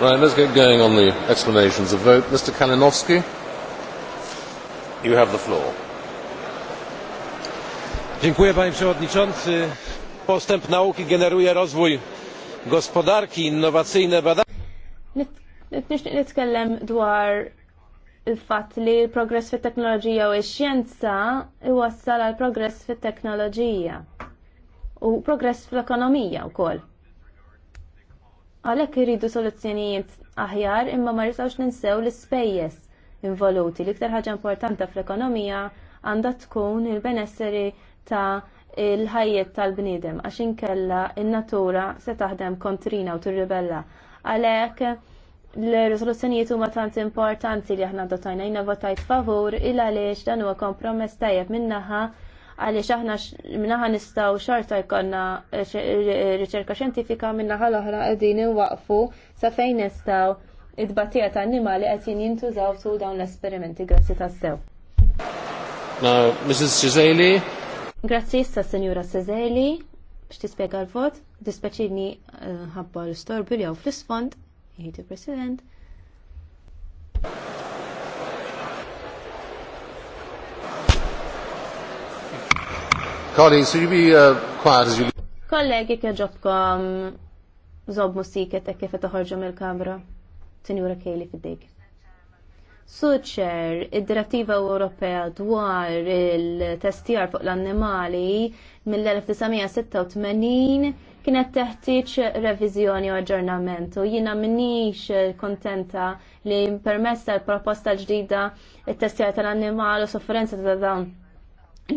Right, let's get going on the explanations of vote. Mr. Kalinowski, you have the floor. Dziękuję panie przewodniczący. Postęp nauki generuje rozwój gospodarki, innowacyjne badania. nitkellem dwar il fat li progress fi teknoloġija u x-xjenza iwassal għal progress fi teknoloġija u progress fl-ekonomija u koll. Għalhekk iridu soluzzjonijiet aħjar imma ma ristgħux ninsew l-ispejjeż involuti. L-iktar ħaġa importanti fl-ekonomija għandha tkun il-benesseri ta' il-ħajjet tal-bniedem għax inkella in-natura se taħdem kontrina u tirribella. Għalhekk l-risoluzzjonijiet huma tant importanti li aħna dotajna jina votajt favur il għaliex dan huwa kompromess tajjeb min-naħa għaliex aħna minnaħa nistaw xorta jkollna riċerka xjentifika minnaħa l-oħra qegħdin waqfu sa fejn nistaw id battija ta' animali qed jintużaw tu dawn l-esperimenti grazzi ta' Now, Mrs. Cizeli. Grazzi sta' senjura Cizeli Bix tispjega l-vot, dispeċini eh, ħabba l-istorbi li fl-isfond, jgħid president Colleagues, will you be uh, quiet as you leave? Kollegi kħeġobkom zob musiket e kif toħorġu mill-kamra. Tinjura Kejli fid-dik. Suċer, id-direttiva Ewropea dwar il-testjar fuq l-annimali mill-1986 kienet teħtieġ reviżjoni u aġġornament u jiena minix kontenta li permess tal-proposta ġdida il testjar tal annimali u sofferenza ta' dawn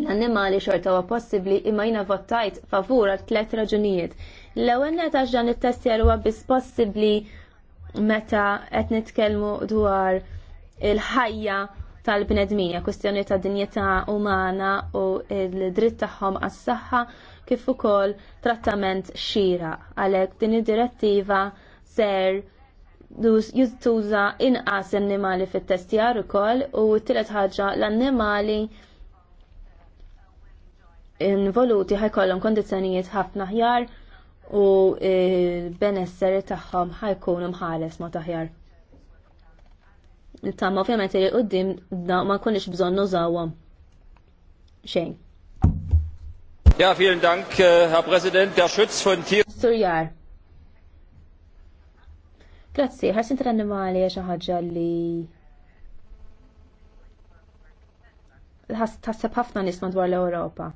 l-annimali xorta huwa possibbli imma jina vottajt favur għal tliet raġunijiet. L-ewwel netax dan it-testjar huwa biss possibbli meta qed nitkellmu dwar il-ħajja tal-bnedmija, kustjoni ta' dinjeta umana u l-dritt tagħhom għas-saħħa kif ukoll trattament xira għalhekk din id-direttiva ser jittuża inqas annimali fit-testjar ukoll u t-tielet ħaġa l-annimali involuti ħajkollhom kondizzjonijiet ħafna ħjar u l benesser tagħhom ħajkun imħares ma taħjar. Tamma ovvjament li qudiem ma nkunx bżonn nużawhom. Xejn. Ja, vielen Dank, äh, Herr Präsident. Der Schütz von Tier. Surjar. Grazzi, ħarsin tal-animali xi ħaġa li Tasseb ħafna nisma dwar l-Ewropa.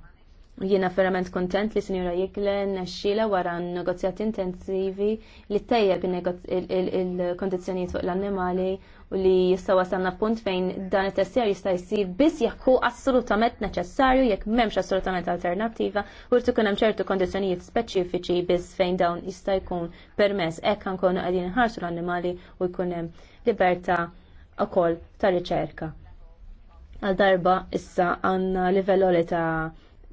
Jiena verament kontent li Sinjura Jikle nexxila wara negozjati intensivi li tejjeb il-kondizzjonijiet fuq l-annimali u li jista' wasalna punt fejn dan it-tessjer jista' jsir biss jekk hu assolutament neċessarju jekk m'hemmx assolutament alternattiva u rtu kun hemm ċertu kondizzjonijiet speċifiċi biss fejn dawn jista' jkun permess hekk ankunu qegħdin ħarsu l-annimali u jkun hemm libertà ukoll ta' riċerka għal darba issa għanna livello li ta'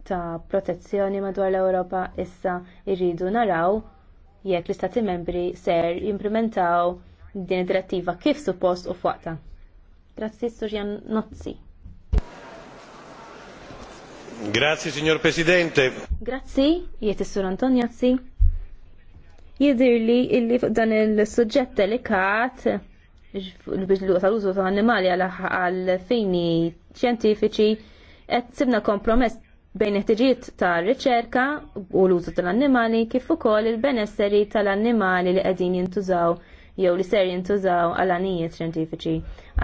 ta' protezzjoni madwar l-Ewropa issa jridu naraw jekk l-Istati membri ser jimplementaw din id-direttiva kif suppost u f'waqta. Grazzi, Surjan Nozzi. Grazzi, Signor Presidente. Grazzi, jiet is-Sur Antonjazzi. Jidirli illi fuq dan il-suġġett delikat l-bidlu tal-użu tal-annimali għal fini xjentifiċi qed sibna kompromess bejn it-tiġiet ta' riċerka u l-użu tal-annimali kif ukoll il-benesseri tal-annimali li qegħdin jintużaw jew li ser jintużaw għal anijiet xjentifiċi.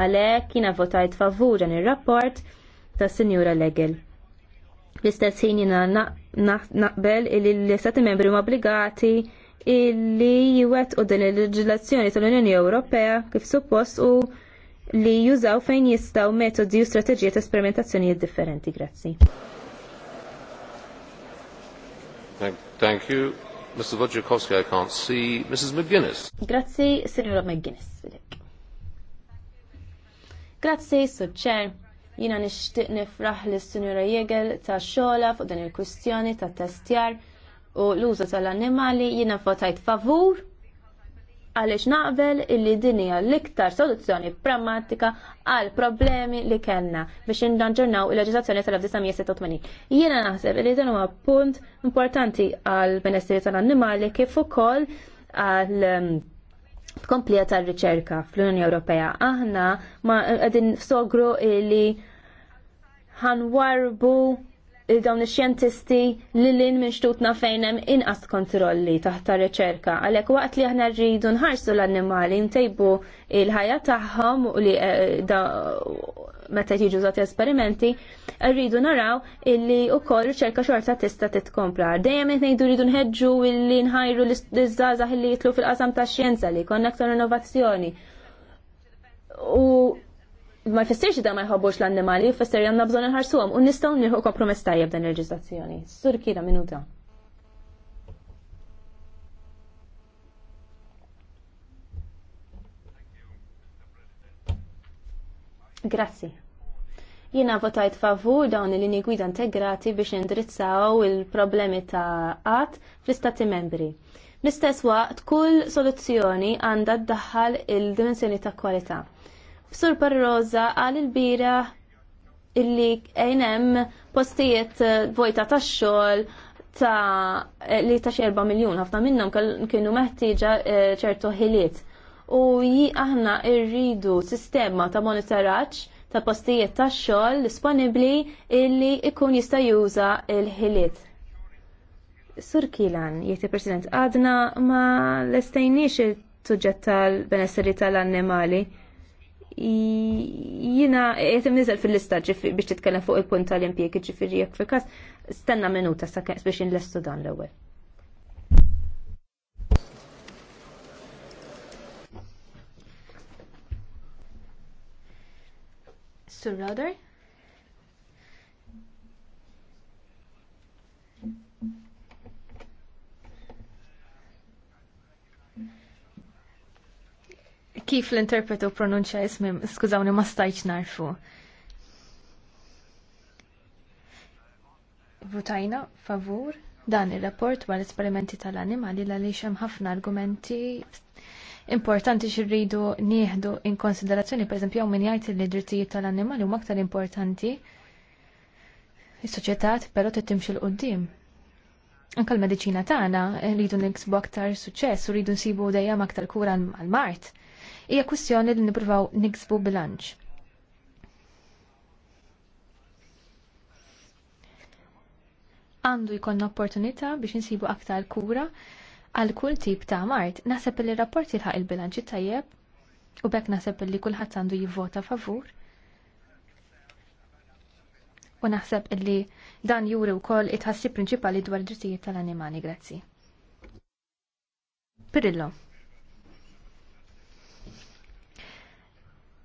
Għalhekk jiena votajt favur dan ir-rapport tas-Sinjura Legel. L-istess ħin jiena naqbel li l-Istati Membri huma obbligati illi jwettqu din il-leġilazzjoni tal-Unjoni Ewropea kif suppost u li jużaw fejn jistaw metodi u strateġijiet esperimentazzjonijiet differenti. Grazzi. Thank, you. Mr. Wojciechowski, I can't see. Mrs. McGuinness. Grazzi, Signora McGuinness. Grazzi, Chair. Jina nishtiq nifraħ li Signora Jegel ta' xola fuq dan il-kwistjoni ta' testjar u l-użu tal-annimali jina votajt favur għaliex naqbel illi din hija l-iktar soluzzjoni pragmatika għal problemi li kellna biex indanġurnaw il leġizazzjoni tal-1986. Jiena naħseb li dan huwa punt importanti għal benessiri tal-annimali kif ukoll għal um, tkomplija tal-riċerka fl-Unjoni Ewropea. Aħna ma qegħdin sogru illi ħanwarbu dawn ix-xjentisti li lin minn xtutna fejn hemm inqas kontrolli taħt ta' riċerka. Għalhekk waqt li aħna rridu nħarsu l-annimali ntejbu il-ħajja tagħhom u li eh, meta jiġu żgħat esperimenti, rridu naraw illi wkoll riċerka xorta tista' titkompla. Dejjem qed ngħidu rridu nħeġġu illi nħajru l-iżżażaħ illi jitlu fil-qasam tax-xjenza li jkollna aktar innovazzjoni. U ma jfessirx da ma jħobbux l-annimali, jfessir janna bżon nħarsuhom u nistgħu nieħu kompromess tajjeb dan il-leġiżlazzjoni. Sur kira minuta. Grazzi. Jiena votajt favur dawn il lini gwida integrati biex indrizzaw il-problemi ta' qatt fl-istati membri. Mistess istess waqt kull soluzzjoni għandha ddaħħal il-dimensjoni ta' kwalità Sur Parroza għal il-bira illi għajnem postijiet eh, vojta ta' xol ta' eh, li ta' xerba' miljon ħafna minnhom kienu meħtieġa eh, ċertu ħiliet. U ji aħna rridu sistema ta' monitoraċ ta' postijiet ta' xogħol disponibbli illi ikun jista' juża l-ħiliet. Sur Kilan, jieti President, għadna ma l-estajniex il-tuġġet tal-benesseri tal-annimali jina jetim nizel fil-lista biex titkellem fuq il-punt tal-impjegi ġifiri jek fil-kas, stanna minuta sa' biex nlestu dan l-ewel. Sir Roder? kif l-interpretu pronunċa ismi, skużawni ma stajċ narfu. Votajna favur dan il-rapport għal esperimenti tal-animali għaliex hemm ħafna argumenti importanti xirridu nieħdu in konsiderazzjoni, per esempio, min jgħid li drittijiet tal-annimali huma aktar importanti is-soċjetà però t il qudiem Anka l-medicina tagħna rridu niksbu aktar suċċess u rridu nsibu dejjem aktar kura għall mart hija kwistjoni li nippruvaw niksbu bilanċ. Għandu jkollna opportunità biex insibu aktar kura għal kull tip ta' mart. Naħseb li rapport jilħaq il-bilanċi tajjeb u bekk naħseb li kulħadd għandu jivvota favur. U naħseb li dan juri wkoll it-ħassi prinċipali dwar drittijiet tal-animali, grazzi. Pirillo.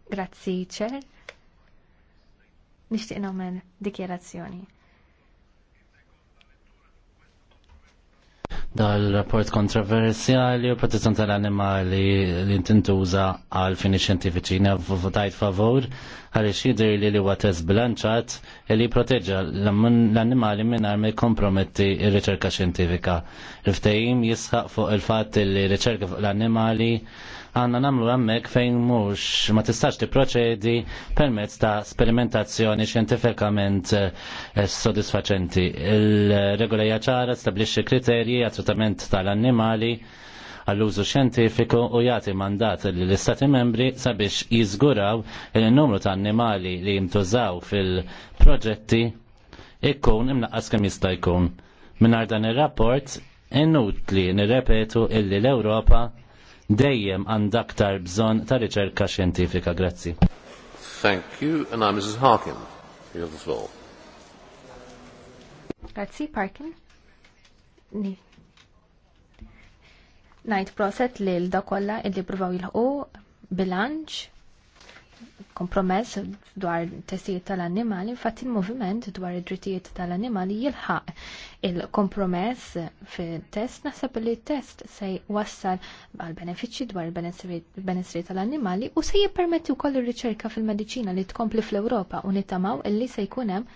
Grazzi, ċer. Nishtiq nomen dikjerazzjoni. dal-rapport kontroversjali u protezzjon tal-animali li tintuża għal fini xjentifiċi votajt favor għaliex jidher li li huwa test bilanċat e li proteġġa l-annimali mingħajr armi jkomprometti r-riċerka xjentifika. Il-ftehim jisħaq fuq il-fatt li riċerka fuq l-annimali għanna namlu għammek fejn mux ma tistax ti proċedi permezz ta' sperimentazzjoni xjentifikament eh, soddisfaċenti. Il-regola jaċara stablixxi kriterji għat trattament tal-annimali għall-użu xjentifiku u jagħti mandat lill istati membri sabiex jiżguraw il-numru ta' annimali li jintużaw fil-proġetti ikkun imnaqqas kemm jista' jkun. Mingħajr dan ir-rapport inutli nirrepetu illi l-Ewropa dejjem għandha aktar bżonn ta' riċerka xjentifika. Grazzi. Thank you, and I'm Mrs. Harkin. You have the floor. Grazzi, Parkin. Ni. Najt proset li l-dakolla li provaw il-ħu bilanċ kompromess dwar testijiet tal-annimali, infatti il-moviment dwar id-drittijiet tal-annimali jilħaq il-kompromess fil-test, naħseb li test se wassal għal benefiċċji dwar il-benessri tal-annimali u se jippermetti wkoll ir-riċerka fil-mediċina li tkompli fl-Ewropa u nittamaw illi se jkun hemm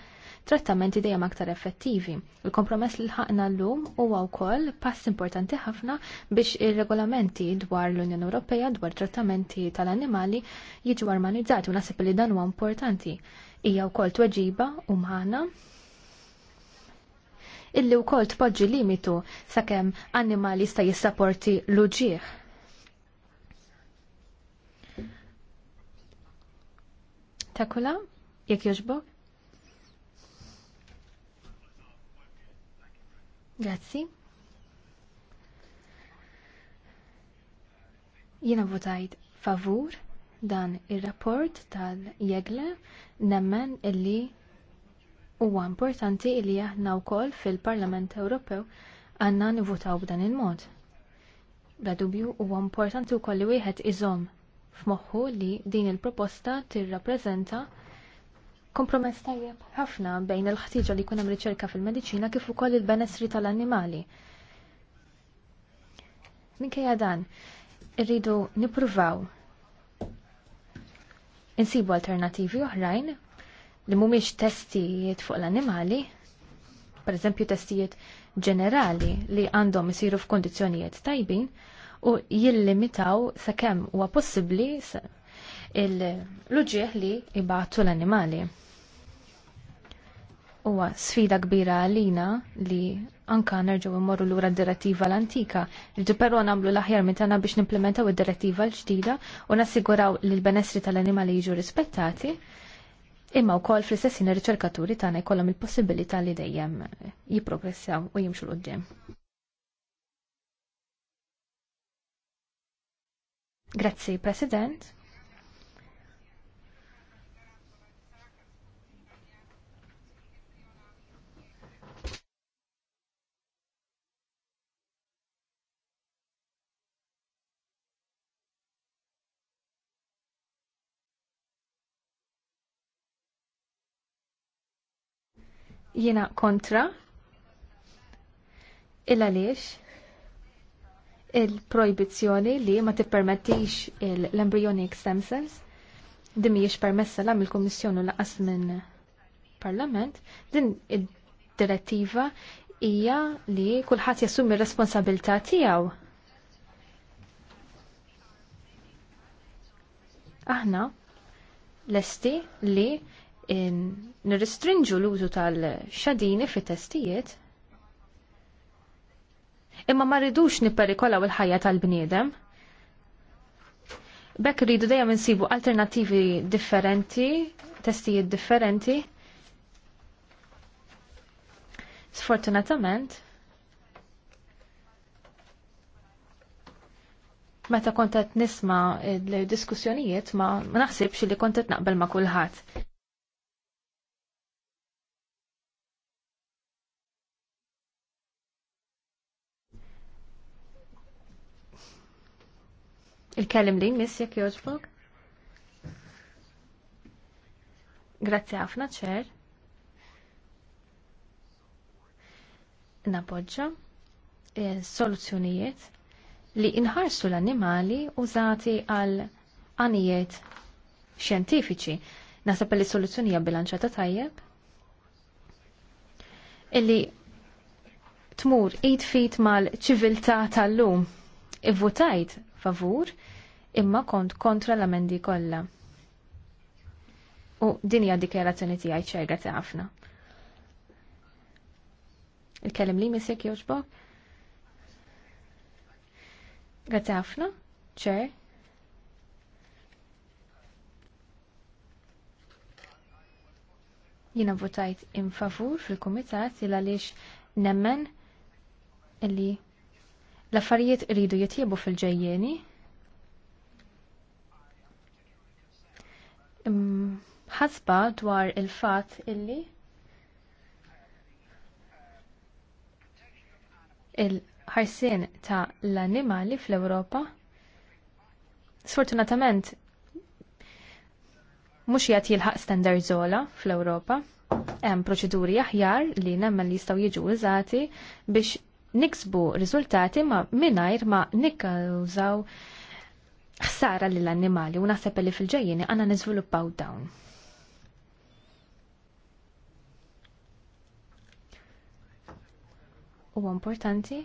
trattamenti dejjem aktar effettivi. Il-kompromess li ħaqna l-lum huwa wkoll pass importanti ħafna biex ir-regolamenti dwar l-Unjoni Ewropea dwar trattamenti tal-annimali jiġu armonizzati u nasib li dan huwa importanti. Hija wkoll tweġiba u maħna illi wkoll tpoġġi limitu sakemm annimali jista' jissaporti l-uġieħ. Takula, jekk jogħġbok? Grazzi. Jiena votajt favur dan ir-rapport tal-jegle nemmen illi huwa importanti illi aħna wkoll fil-Parlament Ewropew għandna nivutaw b'dan il-mod. Bla dubju huwa importanti wkoll li wieħed iżomm f'moħħu li din il-proposta tirrappreżenta il kompromess tajjeb ħafna bejn il-ħtiġa li jkun hemm riċerka fil-mediċina kif ukoll il-benessri tal-annimali. Minkejja dan, irridu nippruvaw insibu alternativi oħrajn li mhumiex testijiet fuq l-annimali, pereżempju testijiet ġenerali li għandhom isiru f'kondizzjonijiet tajbin u jillimitaw sakemm huwa possibbli l-uġieħ li jibgħatu l-annimali huwa sfida kbira għalina li anka nerġgħu immorru lura d-direttiva l-antika. Irdu però nagħmlu l-aħjar minn tagħna biex nimplementaw id-direttiva l-ġdida u nassiguraw li l-benessri tal-animali jiġu rispettati. Imma wkoll fl-istessin ir-riċerkaturi tagħna jkollhom il-possibilità li dejjem jipprogressaw u jimxu l-qudiem. Grazzi, President. Jiena kontra. Illa għaliex il-projbizjoni li ma tippermettix l-embryonic stem cells din mhijiex permessa lam il-Kummissjoni laqas minn Parlament, din id-direttiva hija li kulħadd jassumi r-responsabilità tiegħu. Aħna lesti li nirrestrinġu l-użu tal-xadini fit testijiet imma ma rridux u l ħajja tal-bniedem. Bekk rridu dejjem insibu alternattivi differenti, testijiet differenti. Sfortunatament, meta kont qed nisma' diskussjonijiet ma naħsibx li kont qed naqbel ma' kulħadd. Il-kellim li miss jek joġbok? Grazzi ħafna ċer. Napoġġa soluzzjonijiet li inħarsu l-annimali użati għal anijiet xjentifiċi. Nasab li soluzzjonija bilanċata tajjeb illi tmur id fit mal-ċiviltà tal-lum. Ivvutajt favur imma kont kontra l-amendi kollha. U din hija dikjarazzjoni tiegħi ċerga ta' ħafna. il kellem li misek joġbok? Grazie ħafna, ċer. Jina votajt in favur fil-komitat il għaliex nemmen illi L-affarijiet iridu jitjiebu fil-ġejjeni. Ħasba dwar il-fat illi il-ħarsien ta' l-animali fl-Ewropa sfortunatament mhux jagħti jilħaq standard zola fl-Ewropa hemm proċeduri aħjar li nemmen li jistgħu jiġu użati biex niksbu riżultati ma mingħajr ma nikkawżaw ħsara lill annimali u naħseb li fil-ġejjeni għandna niżviluppaw dawn. Huwa importanti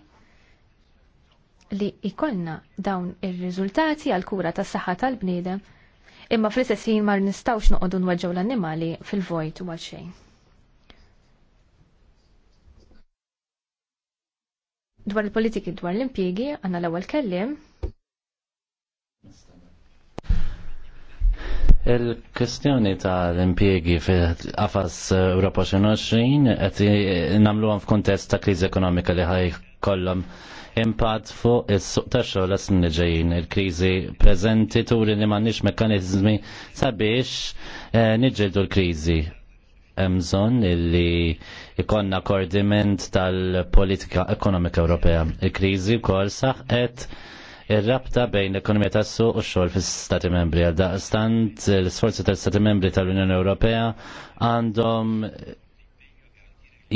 li ikollna dawn ir-riżultati għal kura tas-saħħa tal-bniedem imma fl-istess ħin ma nistgħux noqogħdu nweġġgħu l-annimali fil-vojt u għal xejn. dwar il-politiki dwar l-impjegi, għanna l ewel kellim. Il-kwestjoni ta' l-impjegi fil-qafas Europa 2020 qed nagħmluhom f'kontest ta' kriżi ekonomika li ħaj kollhom impatt fuq is-suq ta' xogħol snin ġejjin. Il-kriżi preżenti turi li m'għandniex mekkaniżmi sabiex eh, niġġieldu l-kriżi emżon illi ikonna koordiment tal-politika ekonomika Ewropea. Il-krizi kol saħqet il-rabta bejn l-ekonomija tassu u xogħol fis-Stati Membri. Għal daqstant l-sforzi tal-Stati Membri tal-Unjoni Ewropea għandhom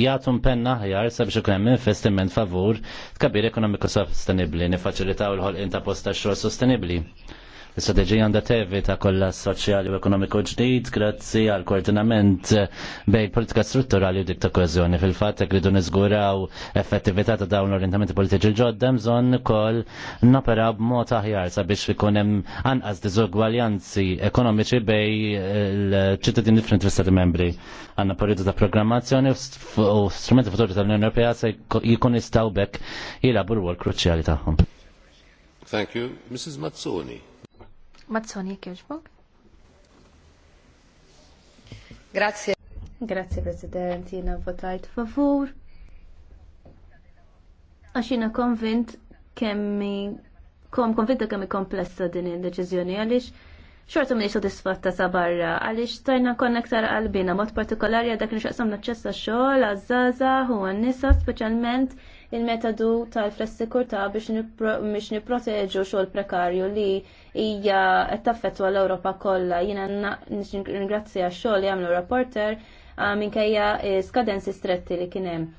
jagħtu penna ħjar sabiex u kremmin investiment favur tkabbir ekonomiku sostenibbli, nifacilitaw l-ħolqien ta' posta xogħol sostenibbli l strateġija għandha ta' kollha soċjali u ekonomiku ġdid grazzi għal koordinament bej politika strutturali u dik ta' Fil-fatt jekk ridu niżguraw effettività ta' dawn l-orientamenti politiċi ġodda bżonn ukoll napera b'mod aħjar sabiex ikun hemm anqas diżugwaljanzi ekonomiċi bej l-ċittadini differenti fl-Stati membri. Għandna periodu ta' programmazzjoni u strumenti futuri tal-Unjoni Ewropea se jkun istaw bekk jilabu l-wol kruċjali tagħhom. Thank you. Mrs. Mazzoni. Mazzoni, kieġbok? Grazie. Grazie, President, jina votajt favur. Għax jina konvint kemmi, kom konvinta kemmi komplessa din il-deċizjoni għalix xortu minni sodisfatta sa barra għalix tajna konnektar għalbina mod partikolari għadak nixaqsam naċċessa xoħla, zaza, huwa nisa specialment il-metodu tal-flessikurta biex niproteġu xogħol prekarju li hija qed taffettwa l-Ewropa kollha. Jiena ngrazzja x-xogħol li għamlu rapporter ah, minkejja eh, skadensi stretti li kien hemm.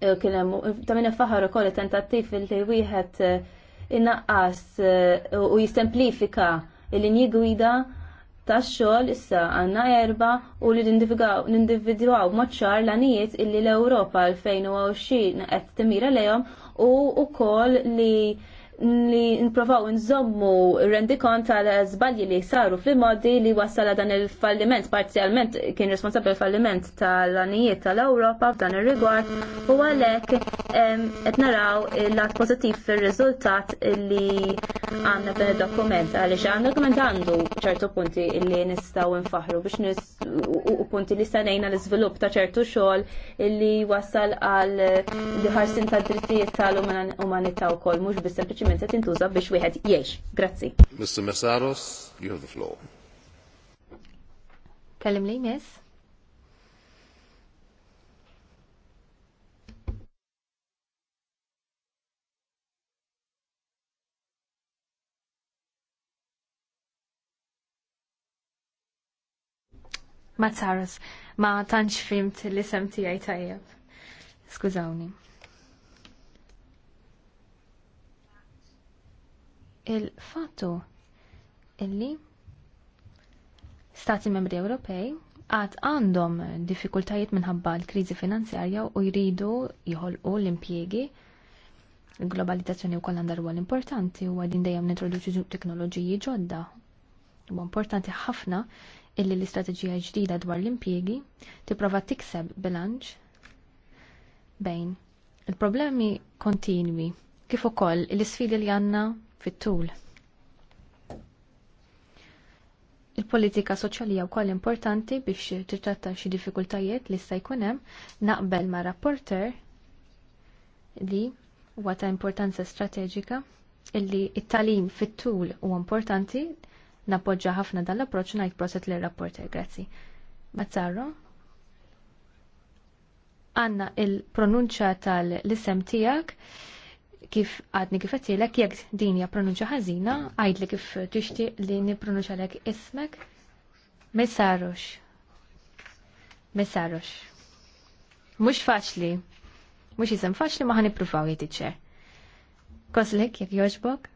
Eh, kien hemm ta' minna faħar ukoll tentattiv li wieħed eh, innaqqas u jistemplifika il-linji gwida tax-xogħol issa għandna erba' u li nindividwaw b'moċ-ċar l għanijiet illi l-Ewropa 2020 qed timira lejhom u wkoll li li nprovaw nżommu r-rendikont tal-żbalji li saru fil-modi li wasala dan il-falliment, parzjalment kien responsabbli falliment tal-anijiet tal-Ewropa f'dan ir-rigward u għalhekk qed naraw il-lat pożittiv fir-riżultat li għanna dan il-dokument, għalix għanna dokument għandu ċertu punti illi nistaw nfaħru biex nis u punti li stanejna l-izvilup ta' ċertu xol illi wasal għal diħarsin ta' drittijiet tal umanità u kol, mux bis sempliciment għet intuża biex wieħed jiex. Grazzi. Mr. Messaros, you have the floor. Kellim li, miss? ma tsaros, ma tantx fimt l-isem tiegħi tajjeb. Skużawni. Il-fattu illi stati membri Ewropej għad għandhom diffikultajiet minħabba l-krizi finanzjarja u jridu jħolqu l-impjiegi il-globalizzazzjoni u kollan darwa l importanti u għadin dejjem nintroduċi teknoloġiji ġodda. U importanti ħafna illi l-istrateġija ġdida dwar l-impjiegi tipprova tikseb bilanċ bejn il-problemi kontinwi kif ukoll l-isfidi li għandna fit-tul. Il-politika soċjali hija wkoll importanti biex titratta xi diffikultajiet li sta jkun hemm naqbel ma' rapporter li huwa ta' importanza strateġika illi it-talim fit-tul huwa importanti Nappoġġa ħafna dan l-approċċ ngħid proset lir rapporter grazzi. Mazzarro? Għanna il-pronunċa tal-isem tiegħek kif għadni kif għatilek, jek din hija pronunċa ħażina, għajdli kif tixtieq li nipronunċa lek ismek, Messarux. Messarux. Mhux faċli. Mhux isem faċli ma ħanipruvaw jitiċċer. Koslik, jekk jogħġbok?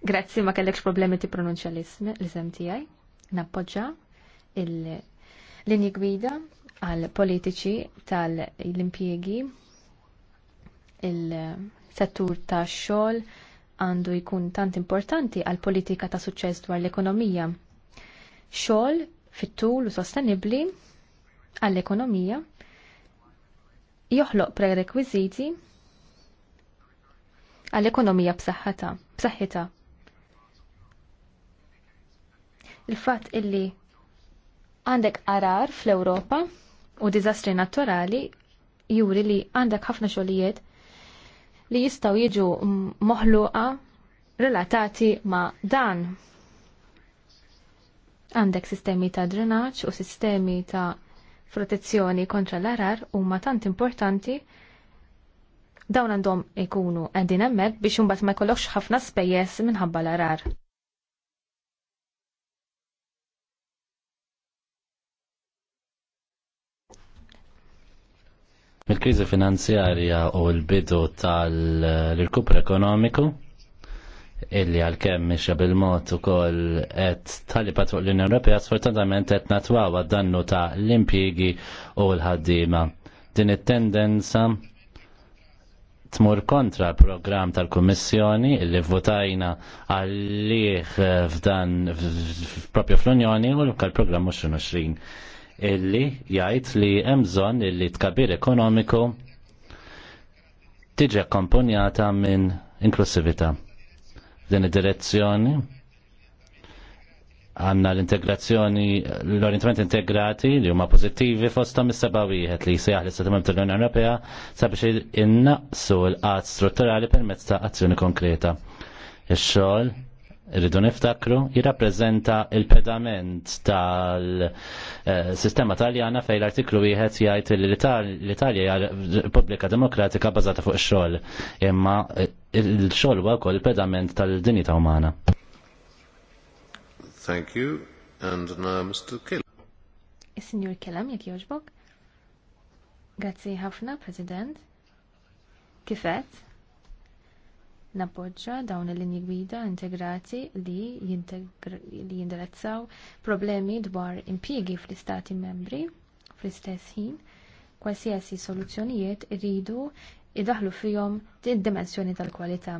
Grazzi ma kellekx problemi ti pronunċa l-isem tijaj. Nappoġġa l linji gwida għal politiċi tal impiegi il-settur ta' xol għandu jkun tant importanti għal politika ta' suċċess dwar l-ekonomija. Xol fit-tul u sostenibli għall-ekonomija joħloq prerekwiziti għall-ekonomija b'saħħitha. il-fatt illi għandek arar fl-Ewropa u diżastri naturali juri li għandek ħafna xogħlijiet li jistaw jiġu moħluqa relatati ma' dan. Għandek sistemi ta' drenaċ u sistemi ta' protezzjoni kontra l-arar u ma' tant importanti dawn għandhom ikunu għedin emmek biex jumbat ma' jkollokx ħafna spejjes minħabba l-arar. mil kriżi finanzjarja u l-bidu tal-rikupru ekonomiku, illi għal kem miexja bil-mod ukoll qed taliba tuq l-Unjoni Ewropea sfortunatament qed natwaw għad-dannu ta' l-impjiegi u l-ħaddiema. Din it-tendenza tmur kontra l-programm tal-Kummissjoni illi votajna għalih f'dan propju fl-Unjoni u l-programm 2020 illi jgħid li hemm bżonn illi tkabir ekonomiku tiġi komponjata minn inklusività. Din id-direzzjoni għanna l-integrazzjoni, l-orientament integrati li huma pożittivi fostom is-seba' wieħed li jsejjaħ l-istatament tal-Unjoni Ewropea sabiex innaqsu l-qatt strutturali permezz ta' azzjoni konkreta. Ix-xogħol irridu niftakru, jirrappreżenta il-pedament tal-sistema taljana fej l-artiklu wieħed jgħid li l-Italja jgħal Repubblika Demokratika bażata fuq ix-xogħol, imma il-xogħol huwa wkoll il-pedament tal-dinjità umana. Thank you. And now Mr. Kellam. Is-Sinjur Kellam jekk jogħġbok? Grazzi ħafna, President. Kifet? Nappoġġa dawn il-linji gwida integrati li, jintegr li jindirizzaw problemi dwar impjiegi fl-istati membri fl-istess ħin kwalsiasi soluzzjonijiet iridu idaħlu fihom id-dimensjoni tal-kwalità.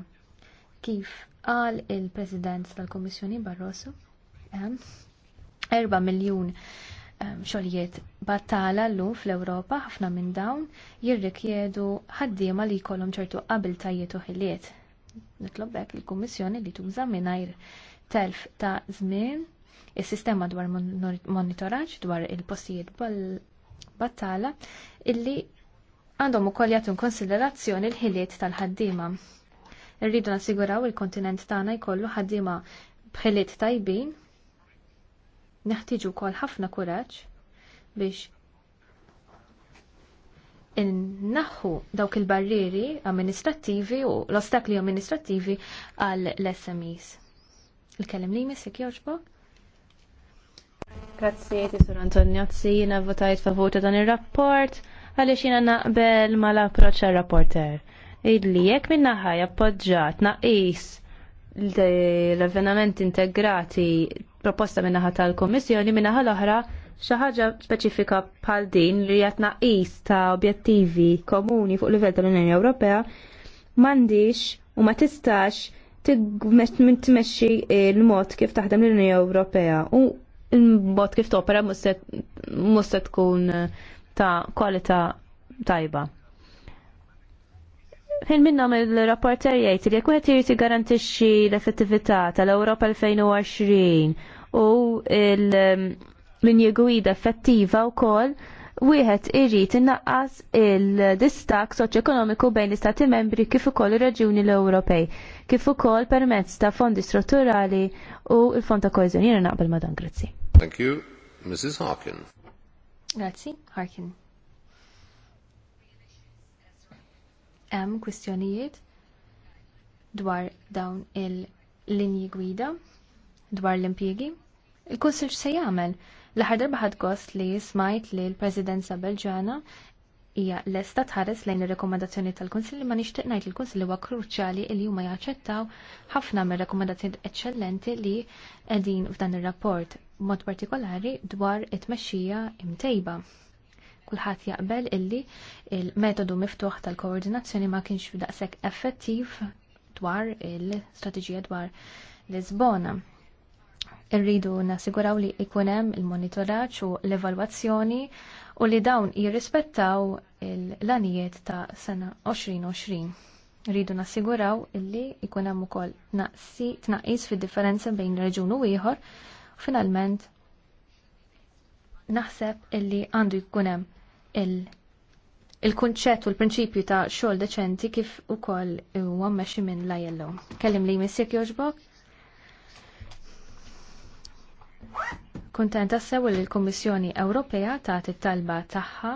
Kif qal il-President tal-Kommissjoni Barroso, hemm 4 miljun xogħlijiet battala llum fl-Ewropa ħafna minn dawn jirrikjedu ħaddiema li jkollhom ċertu qabiltajiet u ħiliet Nitlob il-Kummissjoni li tuża mingħajr telf ta' żmien is-sistema dwar monitoraġġ dwar il-postijiet battala illi għandhom ukoll jagħtu konsiderazzjoni l-ħiliet tal-ħaddiema. Irridu nassiguraw il-kontinent tagħna jkollu ħaddiema b'ħiliet tajbin, neħtieġu wkoll ħafna kuraġġ biex innaħħu dawk il barrieri amministrattivi u l-ostakli amministrattivi għal l-SMEs. Il-kellem li jmissek joġbok? Grazie, Tisur Antoniozzi, jina votajt favuta dan il-rapport għaliex jina naqbel mal-approċċ għal-rapporter. Idli, jek ħaj jappoġġat naqis l-avvenamenti integrati proposta ħata tal-Komissjoni minna l-oħra xi ħaġa speċifika bħal din li qed naqis ta' objettivi komuni fuq livell tal-Unjoni Ewropea m'għandix u ma tistax tmexxi l-mod kif taħdem l-Unjoni Ewropea u l-mod kif topera mhux se tkun eh, ta' kwalità tajba. Ħin minna mill-rapporter jgħid li jekk wieħed irid jiggarantixxi l-effettività tal-Ewropa 2020 u l- linji gwida effettiva wkoll wieħed irrit innaqqas il-distak soċ-ekonomiku bejn l-istati membri kif ukoll ir-reġjuni l-Ewropej, kif ukoll permezz ta' fondi strutturali u l-fond ta' koeżjoni. Jiena naqbel ma' dan, grazzi. Thank you, Mrs. Harkin. Grazzi, Harkin. Hemm kwistjonijiet dwar dawn il-linji gwida dwar l-impjiegi. il kunsilġ se jagħmel L-aħħar darba gost li smajt li l-Presidenza Belġana hija lesta tħares lejn ir-rekomandazzjoni tal-Kunsill ma nixtieq ngħid il-Kunsill huwa kruċjali li huma jaċċettaw ħafna mir-rekomandazzjoni eċċellenti li qegħdin f'dan ir-rapport, mod partikolari dwar it-tmexxija imtejba. Kulħadd jaqbel illi il-metodu miftuħ tal-koordinazzjoni ma kienx daqshekk effettiv dwar il-strateġija dwar Lisbona. Irridu nasiguraw li ikunem il-monitoraċ u l-evalwazzjoni u li dawn jirrispettaw l-anijiet ta' sena 2020. Rridu nassiguraw illi ikunem ukoll tnaqis fid-differenza bejn reġun u ieħor u finalment naħseb illi għandu jkunem il-kunċett u l-prinċipju ta' xogħol deċenti kif ukoll huwa mexi minn la Kellim li jmissek joġbok, Kuntenta sew li l-Kummissjoni Ewropea tagħti talba tagħha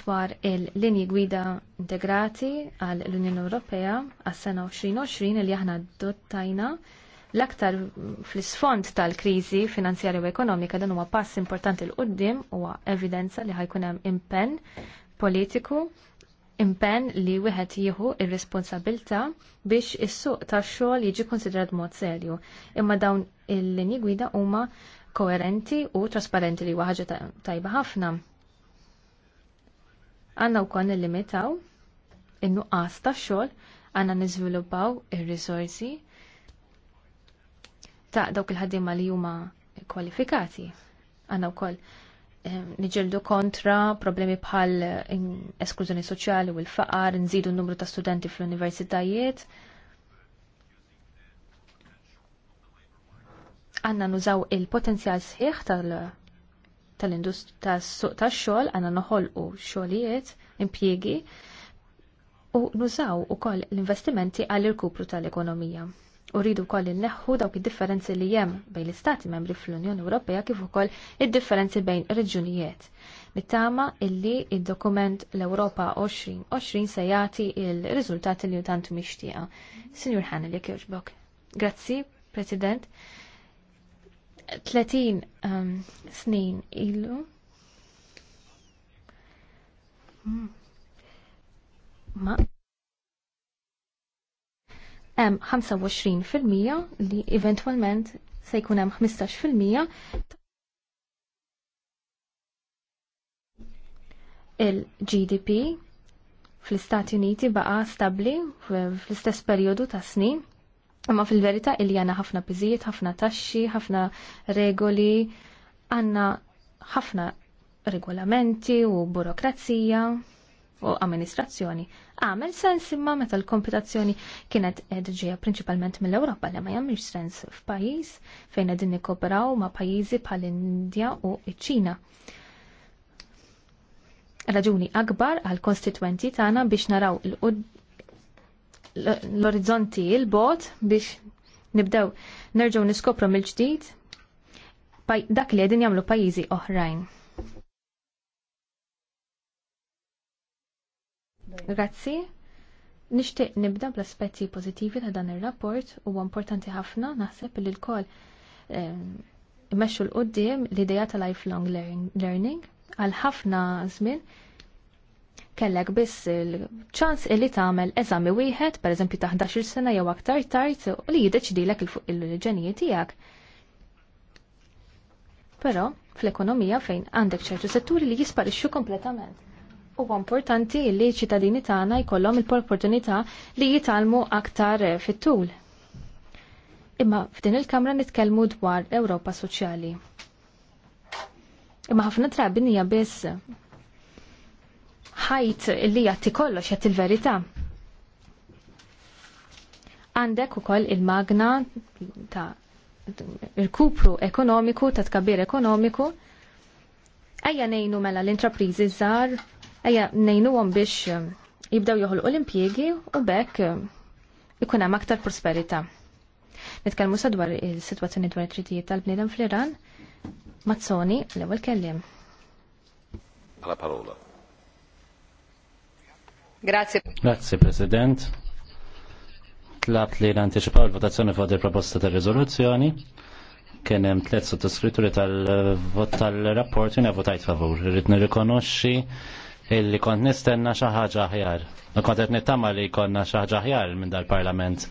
dwar il-linji gwida integrati għal l-Unjoni Ewropea għas-sena 2020 li aħna dottajna l-aktar fl-isfond tal-kriżi finanzjarja u ekonomika dan huwa pass importanti l qudiem huwa evidenza li ħajkun hemm impenn politiku impenn li wieħed jieħu r responsabilta biex is-suq tax-xogħol jiġi konsidrat mod serju. Imma dawn il-linji gwida huma koerenti u trasparenti li huwa ħaġa tajba ħafna. Għandna wkoll nillimitaw in-nuqqas tax-xogħol għandna niżviluppaw ir-risorsi ta' dawk il-ħaddiema li huma kwalifikati. Għandna wkoll niġildu kontra problemi bħal esklużjoni soċjali u l-faqar, nżidu n-numru ta' studenti fl-universitajiet. Għanna nużaw il-potenzjal sħiħ tal-industri tal tax-xogħol, għanna noħolqu xogħlijiet, impjiegi u nużaw ukoll l-investimenti għall-irkupru tal-ekonomija. U rridu wkoll inneħħu dawk id-differenzi li hemm bejn l-Istati membri fl-Unjoni Ewropea kif ukoll id-differenzi bejn reġunijiet. Nittama illi il dokument l-Ewropa 2020 se jagħti il-riżultati li tant mixtieqa. Sinjur Hanel jekk jogħġbok. Grazzi, President. 30 um, snin ilu. Hmm. Ma' hemm 25% li eventwalment se jkun hemm 15% il-GDP fl-Istati Uniti baqa stabli fl-istess perjodu ta' snin. Imma fil-verità il jana ħafna piżijiet, ħafna taxxi, ħafna regoli, għanna ħafna regolamenti u burokrazija u amministrazzjoni. Għamel sens imma meta l-kompetazzjoni kienet edġija prinċipalment mill-Ewropa li ma jagħmilx sens f'pajjiż fejn qegħdin nikkoperaw ma' pajjiżi bħal-Indja u ċ-Ċina. Raġuni akbar għal konstituenti tagħna biex naraw l-orizzonti il-bot biex nibdew nerġgħu niskopru mill-ġdid dak li qegħdin jagħmlu pajjiżi oħrajn. Grazzi. Nixtieq nibda bl-aspetti pożittivi ta' dan ir-rapport u importanti ħafna naħseb li l-kol imexxu l-qoddim l-idea ta' lifelong learning għal ħafna żmien kellek biss il-ċans illi tagħmel eżami wieħed, pereżempju ta' 11-il sena jew aktar tard u li il-fuq il-ġenijiet tiegħek. Però fl-ekonomija fejn għandek ċertu setturi li jisparixxu kompletament. Huwa importanti li ċittadini tagħna jkollhom il-opportunità li jitalmu aktar fit-tul. Imma f'din il-Kamra nitkellmu dwar Ewropa Soċjali. Imma ħafna drabi hija biss ħajt li jagħti kollox jagħti il-verità. Għandek ukoll il-magna ta' il-kupru ekonomiku, ta' tkabbir ekonomiku, ejja nejnu mela l-intrapriżi żgħar Ejja, għom biex um, jibdew joħolqu l-impjiegi u bekk um, ikun hemm aktar prosperità. Nitkellmu sadwar il-sitwazzjoni dwar it-tritijiet tal-bniedem fl-Iran, Mazzoni l-ewwel kelliem. Alla parola. Grazie. Grazie President. Tlab li l-anticipaw il-votazzjoni fuq il-proposta ta' rizoluzzjoni kien hemm tliet sottoskritturi tal vot tal jiena votajt favur. Irrid nirrikonoxxi illi kont nistenna xi ħaġa aħjar. U kont qed nittama li jkollna xi ħaġa aħjar minn dal-Parlament.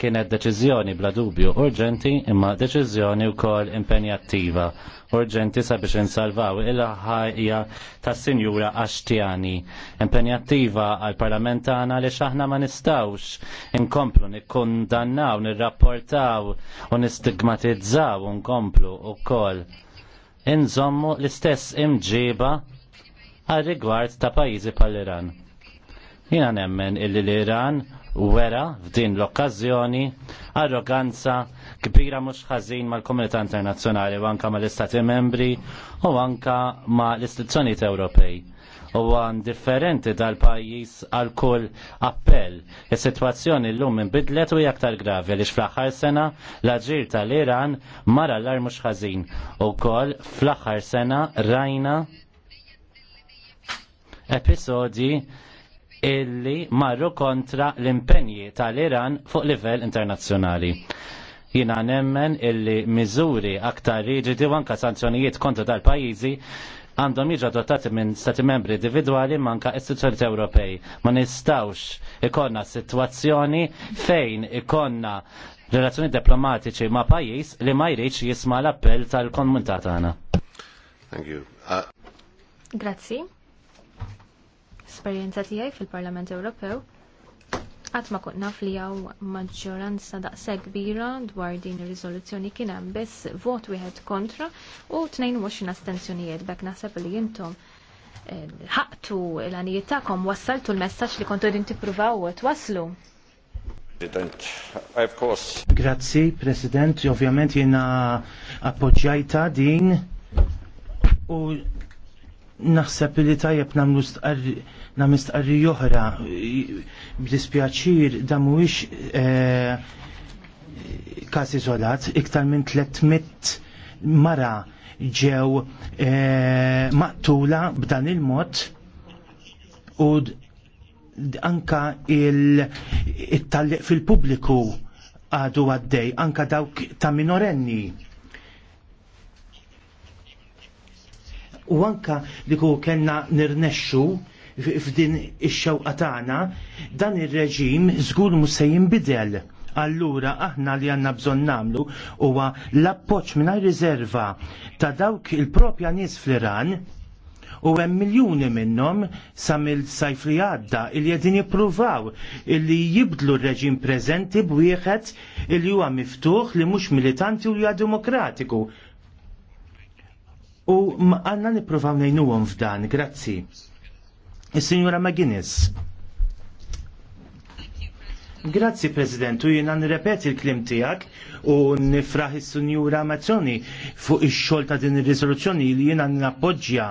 Kienet deċiżjoni bla dubju urġenti imma deċiżjoni wkoll impenjattiva. Urġenti sabiex insalvaw il-ħajja tas-Sinjura Axtjani. Impenjattiva għal parlament tagħna li aħna ma nistawx inkomplu nikkundannaw, nirrapportaw u nistigmatizzaw u nkomplu wkoll. Inżommu l-istess imġiba għal rigward ta' pajjiżi pal iran Jina nemmen illi l-Iran wera f'din l okkazzjoni arroganza kbira mhux ħażin mal-komunità internazzjonali u anka mal-istati membri u anka ma' l-istituzzjonijiet Ewropej huwa differenti dal-pajjiż għal kull appell. Is-sitwazzjoni llum inbidlet u hija aktar gravi għaliex fl-aħħar sena l-aġir tal-Iran mara l-ar mhux ħażin. Ukoll fl-aħħar sena rajna episodi illi marru kontra l-impenji tal-Iran fuq livell internazzjonali. Jina nemmen illi miżuri aktar riġidi u anka sanzjonijiet kontra tal-pajizi għandhom jiġu adottati minn stati membri individuali manka istituzzjonijiet Ewropej. Ma nistawx ikonna situazzjoni fejn ikonna relazzjoni diplomatiċi ma' pajis li ma jriċ jisma l-appell tal-komunità tagħna. Thank you. Uh... Grazzi esperjenza tiegħi fil-Parlament Ewropew Qatt ma kont naf li hawn maġġoranza daqshekk kbira dwar din ir-riżoluzzjoni kien hemm biss vot wieħed kontra u 22 astensjonijiet bekk naħseb li intom eh, ħaqtu l-għanijiet tagħkom wassaltu l-messaġġ li kontu qegħdin tippruvaw twaslu. Grazzi, President, ovvjament jiena appoġġjajta din u naħseb li tajjeb nagħmlu stqarri na mistqarri joħra b'dispjaċir da mhuwiex eh, każ iżolat iktar minn 300 mara ġew eh, maqtula b'dan il-mod u anka il-talliq fil-pubbliku għadu għaddej, anka dawk ta' minorenni. U anka li kena nirnexxu f'din ix-xewqa tagħna, dan ir-reġim żgur mhux se jinbidel. Allura aħna li għanna bżon namlu huwa l appoġġ mingħajr riserva ta' dawk il-propja nies fl-Iran u hemm miljuni minnhom sa mill-sajf li għadda li qegħdin jippruvaw illi jibdlu r-reġim preżenti b'wieħed li huwa miftuħ li mhux militanti u huwa demokratiku. U għanna nippruvaw ngħinuhom f'dan, grazzi. Is-Sinjura McGuinness. Grazzi Presidentu, jina nirrepeti il klim tijak u nifraħi is-Sinjura Mazzoni fuq il-xolta din il riżoluzzjoni li jiena nappoġġja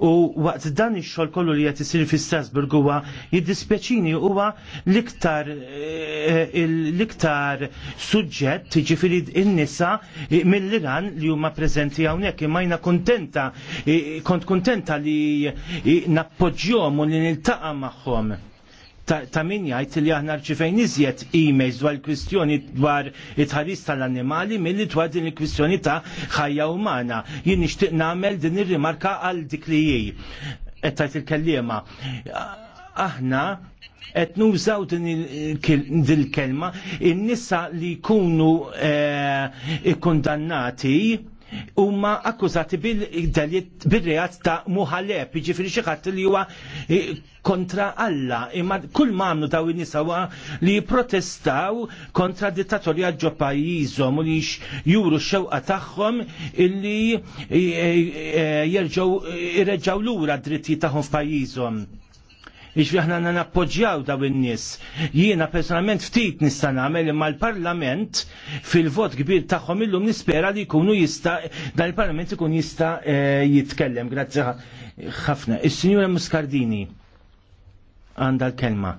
u waqt dan ix-xogħol kollu li qed isir fi Strasburg huwa jiddispjaċini huwa l-iktar eh, l-iktar suġġett jiġifieri n-nisa mill-Iran li huma preżenti hawnhekk imma jiena kontenta eh, kont kontenta li nappoġġjhom u li niltaqa' magħhom ta' min jgħid li aħna rċifejn iżjed emails dwar il-kwistjoni dwar it-ħaris tal-annimali milli dwar din il-kwistjoni ta' ħajja umana. Jien nixtieq nagħmel din ir-rimarka għal dik li hi. Qed tajt il-kellima. Aħna qed nużaw din il-kelma in-nisa li jkunu eh, ikkundannati huma akkużati bil-reat ta' muħalleb, jiġifieri xi ħadd li huwa eh, kontra Alla, imma kull ma daw in-nies li jipprotestaw kontra dittatorja ġo pajjiżhom u li juru xewqa tagħhom illi eh, eh, jerġgħu l lura d-dritti tagħhom f'pajjiżhom. Iġvi aħna nappoġġjaw daw in-nies. Jiena personalment ftit nista' nagħmel imma l-Parlament fil-vot kbir tagħhom illum nispera li jkunu jista' dan il-Parlament ikun jista' eh, jitkellem. Grazzi ħafna. Is-Sinjura Muscardini għandha l-kelma.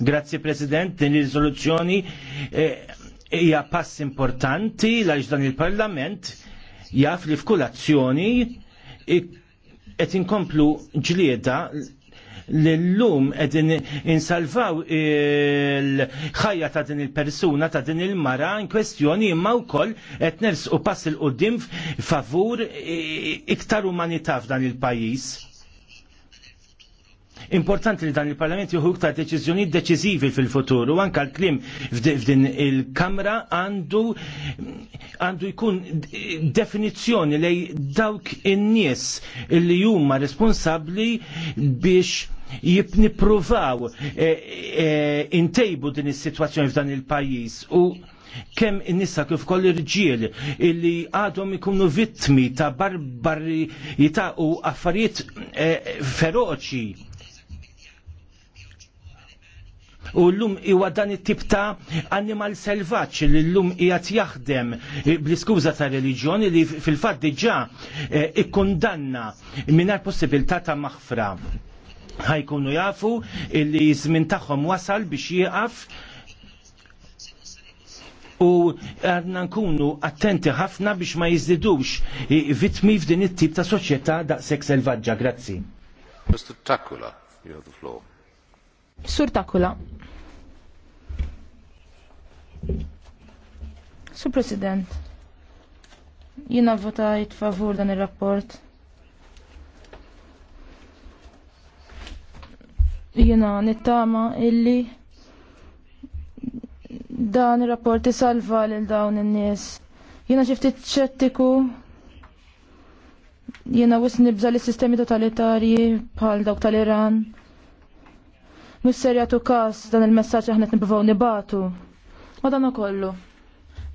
Grazzi President, din ir-riżoluzzjoni eh, hija pass importanti għaliex dan il-Parlament jaf li f'kull azzjoni qed inkomplu ġlieda l-lum edin insalvaw il-ħajja ta' din il-persuna, ta' din il-mara, in kwestjoni imma u koll et u pass il-qoddim favur iktar umanità f'dan il-pajis. Importanti li dan il-Parlament juhu ta' deċizjoni deċiżivi fil-futur u anka l-klim f'din il-Kamra għandu għandu jkun definizzjoni lej dawk in-nies li huma responsabbli biex jipnipruvaw e, e, intejbu din is-sitwazzjoni f'dan il-pajjiż u kemm in-nisa kif koll irġiel illi għadhom ikunu vittmi ta' barbarità u affarijiet eh, feroċi U l-lum iwa dan it-tip ta' animal selvaċ li l-lum jgħat jaħdem eh, bl-iskuza ta' reliġjoni li fil-fat diġa eh, ikkundanna minar possibilità ta' maħfra. Ħajkunu jafu li jizmin tagħhom wasal biex jieqaf u għadna nkunu attenti ħafna biex ma jizdidux eh, vitmi f'din it-tip ta' soċjetà da' sek selvaġġa. Grazzi. Mr. Takula, you have the floor. Sur Takula. Sur President, jina votajt favur dan il-rapport. Jina nittama illi dan il-rapport salva lil dawn in-nies. Jina xifti ċettiku jina wis nibża li sistemi totalitarji bħal dawk tal-Iran mis-serja kas dan il-messaġġ aħna nibbaw nibatu. Ma dan kollu.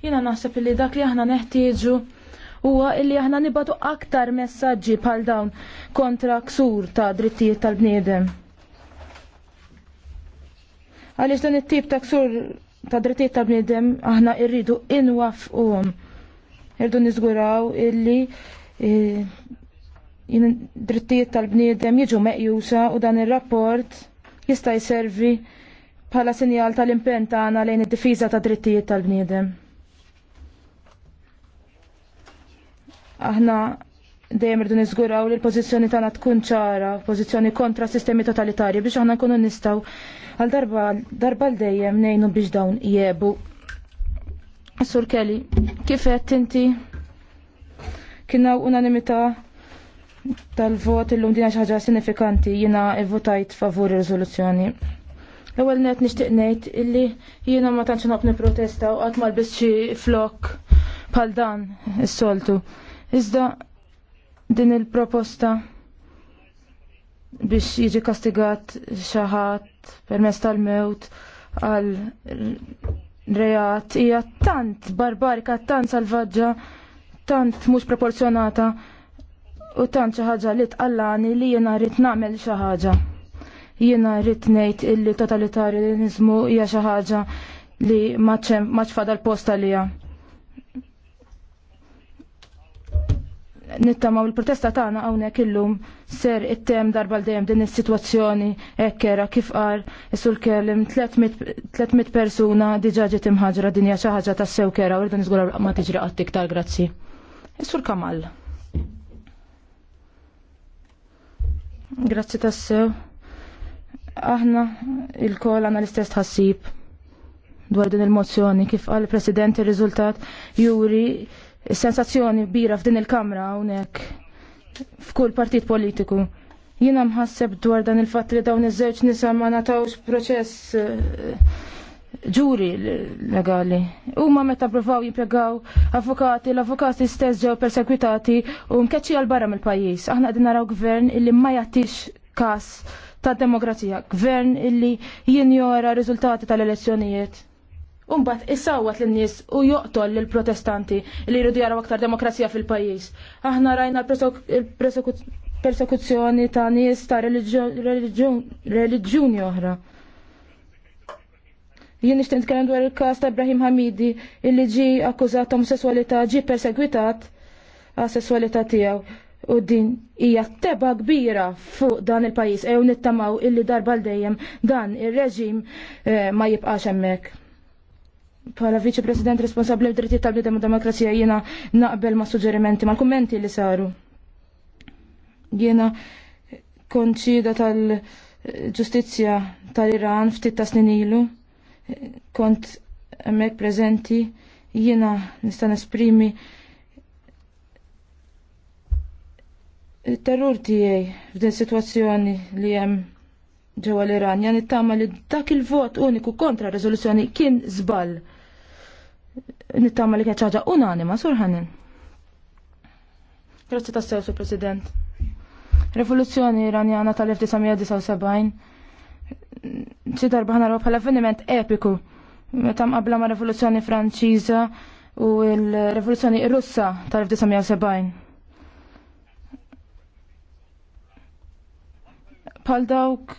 Jiena naħseb li dak li aħna neħtieġu huwa illi aħna nibatu aktar messaġġi bħal dawn kontra ksur ta' drittijiet tal-bniedem. Għaliex dan it-tip ta' ksur ta' drittijiet tal-bniedem aħna irridu inwafquhom. Irdu niżguraw illi e, drittijiet tal-bniedem jiġu meqjusa u dan ir-rapport jista' jservi bħala sinjal tal-impenn tagħna lejn id-difiża ta' drittijiet tal-bniedem. Aħna dejjem irdu niżguraw li l-pożizzjoni tagħna tkun ċara, pożizzjoni kontra sistemi totalitarji biex aħna nkunu nistgħu għal darba darba l dejjem ngħinu biex dawn jebu. Sur Kelly, kif qed inti kienaw unanimità tal-vot illum dina xaġa sinifikanti jina votajt favur ir-riżoluzzjoni. L-ewwel net nixtieq ngħid illi jiena ma tantx naqbni protesta u qatt ma lbis flok bħal dan is-soltu. Iżda din il-proposta biex jiġi kastigat xaħat permess tal-mewt għal reat hija tant barbarika, tant salvaġġa, tant mhux proporzjonata U tant xi ħaġa li tqallani li jiena rrid nagħmel xi ħaġa. Jiena rrid ngħid illi totalitarjanizmu hija xi ħaġa li ma ċfada l-post għalija. nittamaw il-protesta tagħna hawnhekk illum ser it-tem darba l dejjem din is-sitwazzjoni hekk kera kif qal isul kellim 300 persuna diġà ġiet imħaġra dinja xi ħaġa tassew kera u rridu niżgura ma tiġri qatt iktar grazzi. Isur Kamal. Grazzi tassew. Aħna il-kol għana l-istess tħassib dwar din il-mozzjoni kif għal president il-riżultat juri sensazzjoni kbira f'din il-kamra hawnhekk f'kull partit politiku. Jiena mħasseb dwar dan il-fatt li dawn iż-żewġ nisa ma natawx proċess eh, ġuri legali. Huma meta provaw jimpjegaw avukati, l-avukati stess ġew persekwitati u mkeċċi għal barra mill-pajjiż. Aħna għedin naraw gvern illi ma jagħtix każ ta' demokrazija, gvern illi jinjora riżultati tal-elezzjonijiet. Umbat issawat l-nies u joqtol l-protestanti li jridu jaraw aktar demokrazija fil-pajjiż. Aħna rajna l-persekuzzjoni ta' nies ta' reliġjuni oħra. Jien nixtieq nitkellem dwar il-każ ta' Ibrahim Hamidi illi ġi akkużat ta' omosessualità ġi persegwitat għas sessualità tiegħu u din hija teba kbira fuq dan il-pajjiż ew nittamaw illi darba dejjem dan ir-reġim eh, ma jibqax hemmhekk. Pala viċi president responsabli d-drittijiet tal-bnidem u demokrazija jiena naqbel ma' suġġerimenti mal kummenti li saru. Jiena konċida tal-ġustizzja tal-Iran ftit ta' snin ilu kont hemmhekk preżenti jiena nista' nesprimi it-terror tiegħi f'din sitwazzjoni li hemm ġewwa l-Iran jan nittama li dak il-vot uniku kontra r-riżoluzzjoni kien żball. Nittama li kienet ħaġa unanima, surħanin. Grazie Grazzi tassew, Sur President. Revoluzzjoni Iranjana tal-1979 ċi darba ħana bħala avveniment epiku meta mqabbla ma' Revoluzzjoni Franċiża u l-Revoluzzjoni Russa tal-1970. Pal dawk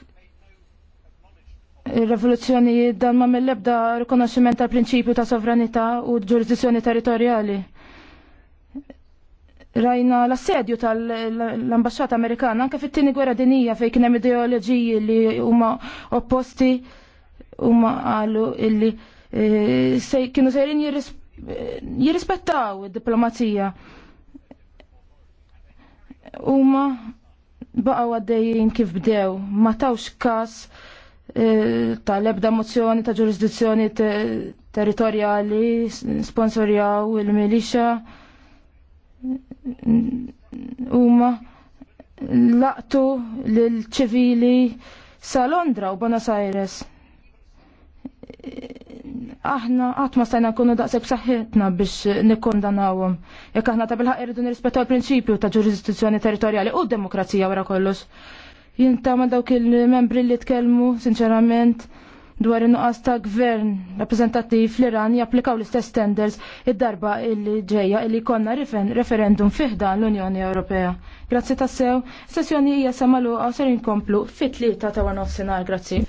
ir revoluzzjoni dan ma mill-ebda rikonoxximent tal-prinċipju ta' sovranità u ġurisdizzjoni territorjali rajna l-assedju tal-ambasċata Amerikana anke fit-tieni gwerra dinija fejn kien hemm ideoloġiji li huma opposti huma qalu illi eh, kienu sejrin jirrispettaw id-diplomazija. Huma baqgħu għaddejjin kif bdew, ma tawx każ eh, tal-ebda mozzjoni ta' ġurisdizzjoni territorjali sponsorjaw il-milixa huma laqtu lil ċivili sa Londra u Buenos Aires. Aħna qatt ma stajna nkunu daqseb saħħitna biex nikkondanawhom. Jekk aħna ta' bilħaq irridu nirrispettaw il-prinċipju ta' ġurisdizzjoni territorjali u d-demokrazija wara kollox. Jinta ma' dawk il-membri li tkellmu, sinċerament, dwar in-nuqqas ta' gvern rappreżentattiv fl-Iran japplikaw l-istess standards id-darba illi ġejja illi konna referendum fiħda l-Unjoni Ewropea. Grazzi tassew, sessjoni hija samalu għaw ser inkomplu fit-tlieta ta' għan nofsinhar, grazzi.